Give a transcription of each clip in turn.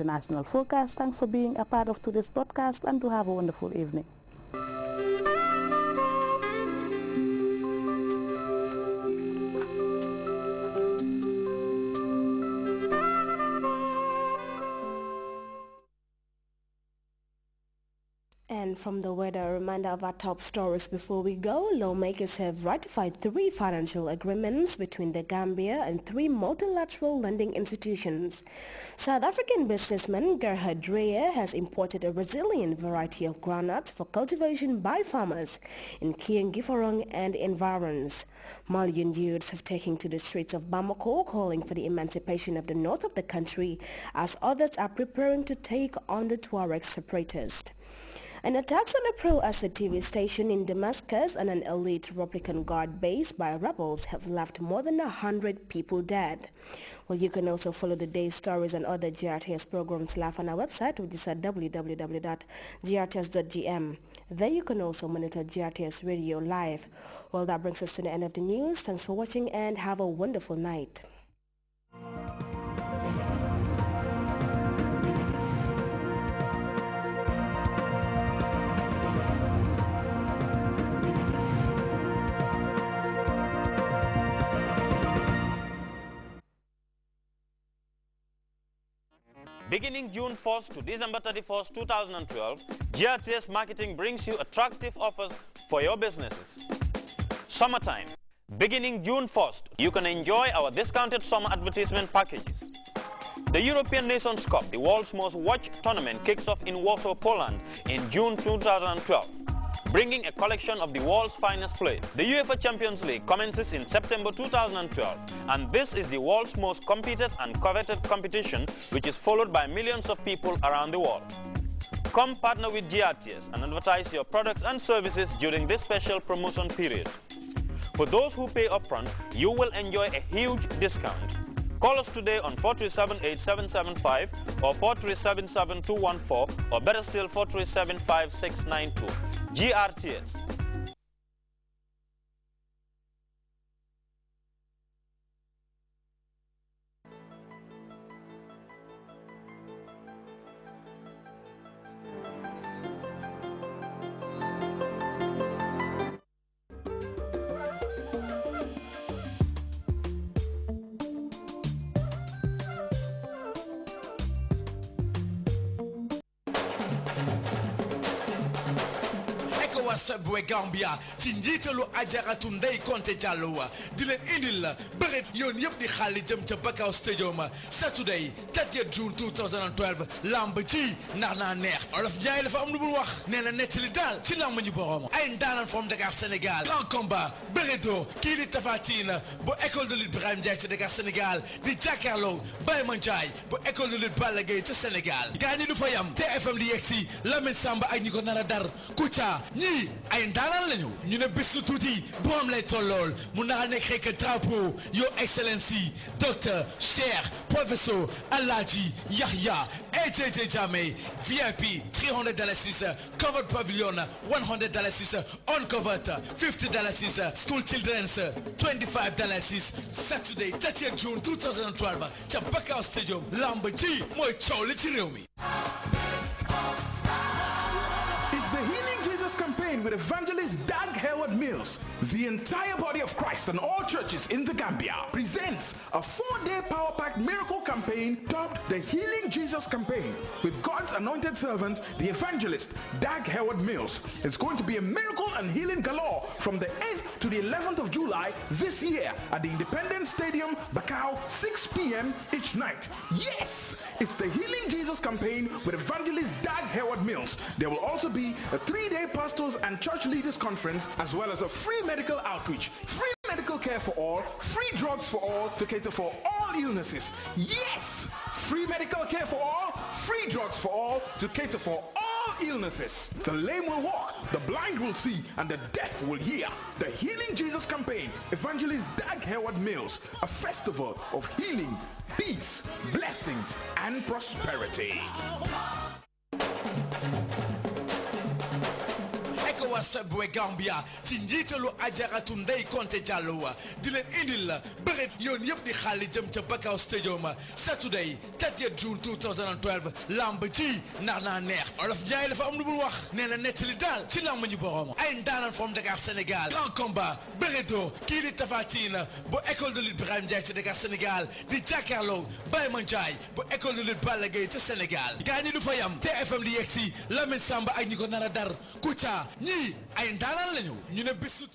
International Forecast. Thanks for being a part of today's podcast, and do have a wonderful evening. And from the weather, a reminder of our top stories before we go. Lawmakers have ratified three financial agreements between the Gambia and three multilateral lending institutions. South African businessman Gerhard Dreyer has imported a resilient variety of granite for cultivation by farmers in Kiangiforong and environs. Malian youths have taken to the streets of Bamako calling for the emancipation of the north of the country as others are preparing to take on the Tuareg separatists. An attack on a pro-Assad TV station in Damascus and an elite Republican Guard base by rebels have left more than 100 people dead. Well, you can also follow the day's stories and other GRTS programs live on our website, which is at www.grts.gm. There you can also monitor GRTS Radio live. Well, that brings us to the end of the news. Thanks for watching and have a wonderful night. Beginning June 1st to December 31st, 2012, GRTS Marketing brings you attractive offers for your businesses. Summertime. Beginning June 1st, you can enjoy our discounted summer advertisement packages. The European Nations Cup, the world's most watched tournament, kicks off in Warsaw, Poland in June 2012 bringing a collection of the world's finest play. The UEFA Champions League commences in September 2012, and this is the world's most competed and coveted competition, which is followed by millions of people around the world. Come partner with GRTS and advertise your products and services during this special promotion period. For those who pay upfront, you will enjoy a huge discount. Call us today on 4378775 or 4377214 or better still 4375692. GRTS. waa Subway Gambia ci njiitalu ajaratu Ndeye Conté Diallo di yëpp di xaali jëm ca Bakau Stadium Saturday 30 June 2012 lamb ji nar neex Olof Ndiaye dafa am lu mu wax nee na nettali daal ci lamb ñu borooma ay ndaanan from Dakar Sénégal grand combat bëri de lutte Ibrahima Ndiaye ci Dakar Sénégal di jàkkaarloo Baye Mandiaye bu école de lutte Balla Gaye ca Sénégal gaañi du fa yam TFM di yegsi Lamine Samba ak ñi ko nar a dar Kouthia ñii yi ay ndaanaan lañu ñu ne bés su tuuti borom lay tollool mu nar a nekk rek drapeau your excellency docteur Cheikh professeur Alhaji Yahya AJJ Jammeh VIP 300 dalasis covered pavilion 100 dalasis uncovered 50 dalasis school children's 25 dalasis Saturday 30 June 2012 ca Bakau Stadium lamb ji mooy coow li ci réew with evangelist Doug Howard Mills, the entire body of Christ and all churches in the Gambia presents a four-day power packed miracle campaign dubbed the Healing Jesus Campaign with God's anointed servant, the evangelist Doug Howard Mills. It's going to be a miracle and healing galore from the 8th to the 11th of July this year at the Independence Stadium, Bacau, 6 p.m. each night. Yes, it's the Healing Jesus Campaign with evangelist Doug Howard Mills. There will also be a three-day pastors and and Church Leaders Conference, as well as a free medical outreach, free medical care for all, free drugs for all to cater for all illnesses. Yes! Free medical care for all, free drugs for all to cater for all illnesses. The lame will walk, the blind will see, and the deaf will hear. The Healing Jesus Campaign, Evangelist Dag Howard Mills, a festival of healing, peace, blessings, and prosperity. Subway Gambia ci njiitalu ajaratu Ndeye Conté Diallo wa di leen indil la bëreet yoon yëpp di xaali jëm ca Bakau Stadium Saturday 4 June 2012 lamb ji ndax naa neex Olof Njaay dafa am lu mu wax nee na nettali daal ci lamb ñu boroom ay ndaanan from Dakar Sénégal grand combat bëreet doo kii di Tapha Tine bu école de lutte Ibrahima Ndiaye ci Dakar Sénégal di jàkkaarloo Baye Mandiaye bu école de lutte Balla Gaye ci Sénégal gaañi du fa yam TFM di yegg si Lamine Samba ak ñi a dar yi ay ndaanaan lañu ñu ne bisu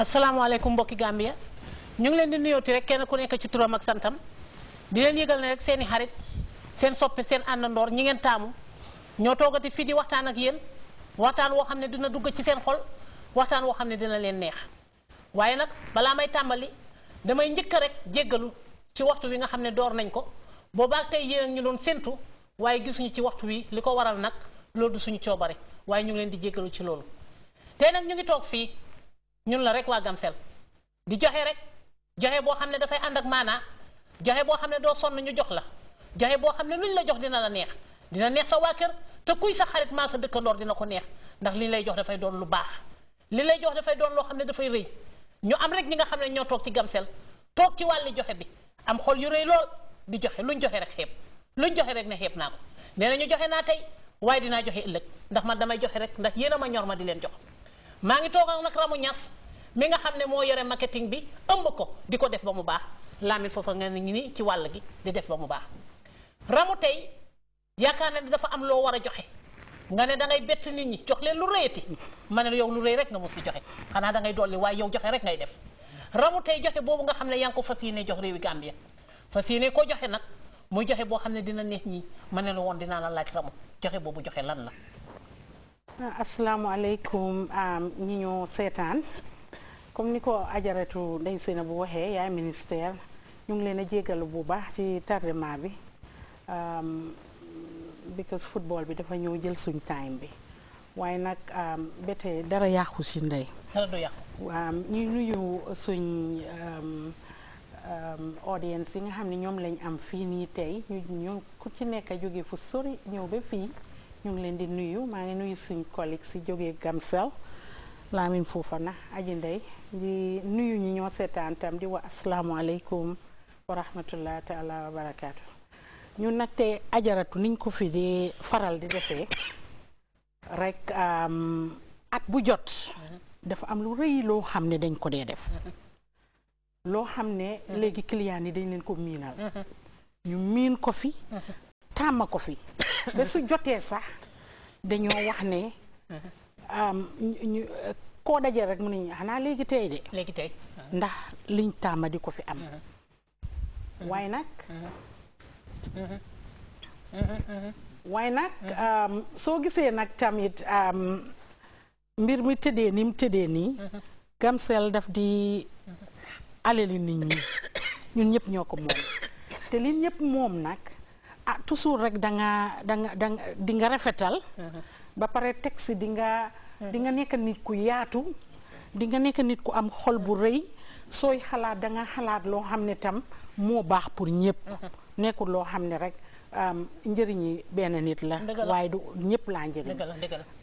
asalaamaaleykum mbokki Gambia ñu ngi leen di nuyooti rek kenn ku nekk ci turam ak santam di leen yëgal ne rek seeni xarit seen soppe seen àndandoor ñi ngeen taamu ñoo toogati fii di waxtaan ak yéen waxtaan woo xam ne dina dugg ci seen xol waxtaan woo xam ne dina leen neex waaye nag balaa may tàmbali damay njëkk rek jéggalu ci waxtu wi nga xam ne door nañ ko boobaak tey yéen ñu doon séentu waaye gisuñu ci waxtu wi li ko waral nag loolu du suñu coobare waaye ñu ngi leen di jéggalu ci loolu tey nag ñu ngi toog fii. ñun la rek waa Gamcel di joxe rek joxe boo xam ne dafay ànd ak maanaa joxe boo xam ne doo sonn ñu jox la joxe boo xam ne ñu la jox dina la neex dina neex sa waa kër te kuy sa xarit maa sa dëkkandoor dina ko neex ndax lii lay jox dafay doon lu baax li lay jox dafay doon loo xam ne dafay rëy ñu am rek ñi nga xam ne ñoo toog ci Gamcel toog ci wàlli joxe bi am xol yu rëy lool di joxe lu ñu joxe rek xeeb luñ joxe rek ne xeeb naa ko nee ñu joxe naa tey waaye dinaa joxe ëllëg ndax man damay joxe rek ndax yéen a ma ñor ma di leen jox maa ngi toogal nag Ramou ñas mi nga xam ne moo yore marketing bi ëmb ko di ko def ba mu baax Lamine foofa nga ne ñu ni ci wàll gi di def ba mu baax Ramou tey yaakaar ne dafa am loo war a joxe nga ne da ngay bett nit ñi jox leen lu rëyati ma ne yow lu rëy rek nga mos si joxe xanaa da ngay dolli waaye yow joxe rek ngay def Ramou tey joxe boobu nga xam ne yaa ko fas yéene jox réewi Gambia fas yéene ko joxe nag muy joxe boo xam ne dina neex ñi ma ne la woon dinaa la laaj Ramou joxe boobu joxe lan la. asalaamualeykum ñi ñu seetaan comme ni ko ajaratu Ndeye bu waxee yaay ministère ñu ngi leen a jégalu bu baax ci tardement bi because football bi dafa ñëw jël suñ time bi waaye nag ba dara yàqu ci ndey waaw ñu nuyu suñ audience yi nga xam ne ñoom lañ am fii nii tey ñu ku ci nekk jóge fu sori ñëw ba fii ñu ngi leen di nuyu maa ngi nuyu suñ collègue si jógee Gamsel foofa Fofana aji ndey di nuyu ñi ñoo seetaan tam di wa asalaamualeykum wa rahmatullah taala wa barakaatu ñu nag te ajaratu niñ ko fi di faral di defee rek at bu jot dafa am lu rëy loo xam ne dañ ko dee def loo xam ne léegi client yi dañ leen ko miinal ñu miin ko fi tàmm ko fi ba su jotee sax dañoo wax ne koo dajee rek mu ne ñu xanaa léegi tey de léegi tey ndax liñ tàmma di ko fi am mm-hmm. Mm-hmm. waaye nag mm-hmm. waaye nag soo gisee nag tamit mbir mi tëddee ni mu tëddee nii Gamcel daf di alali nit ñi ñun ñëpp ñoo ko moom te li ñëpp moom nag ah toujours rek da nga da nga da di nga rafetal. ba pare texte di nga. Mm-hmm. di nga nekk nit ku yaatu. di nga nekk nit ku am xol bu rëy sooy xalaat danga xalaat loo xam ne tam moo baax pour ñëpp. Mm-hmm. nekkul loo xam ne rek njëriñi benn nit la. waaye du ñëpp laa njëriñ.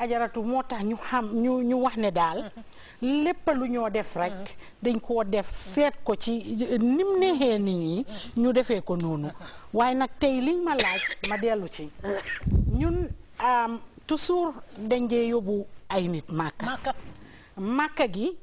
ajaratu moo tax ñu xam ñu wax ne daal. Mm-hmm. lépp lu ñoo def rek mm-hmm. dañ koo def seet ko ci nim neexee nit ñi mm-hmm. ñu defee ko noonu mm-hmm. waaye nag tey liñ ma laaj ma dellu ci ñun toujours dañ dee yóbbu ay nit màkka màkka gi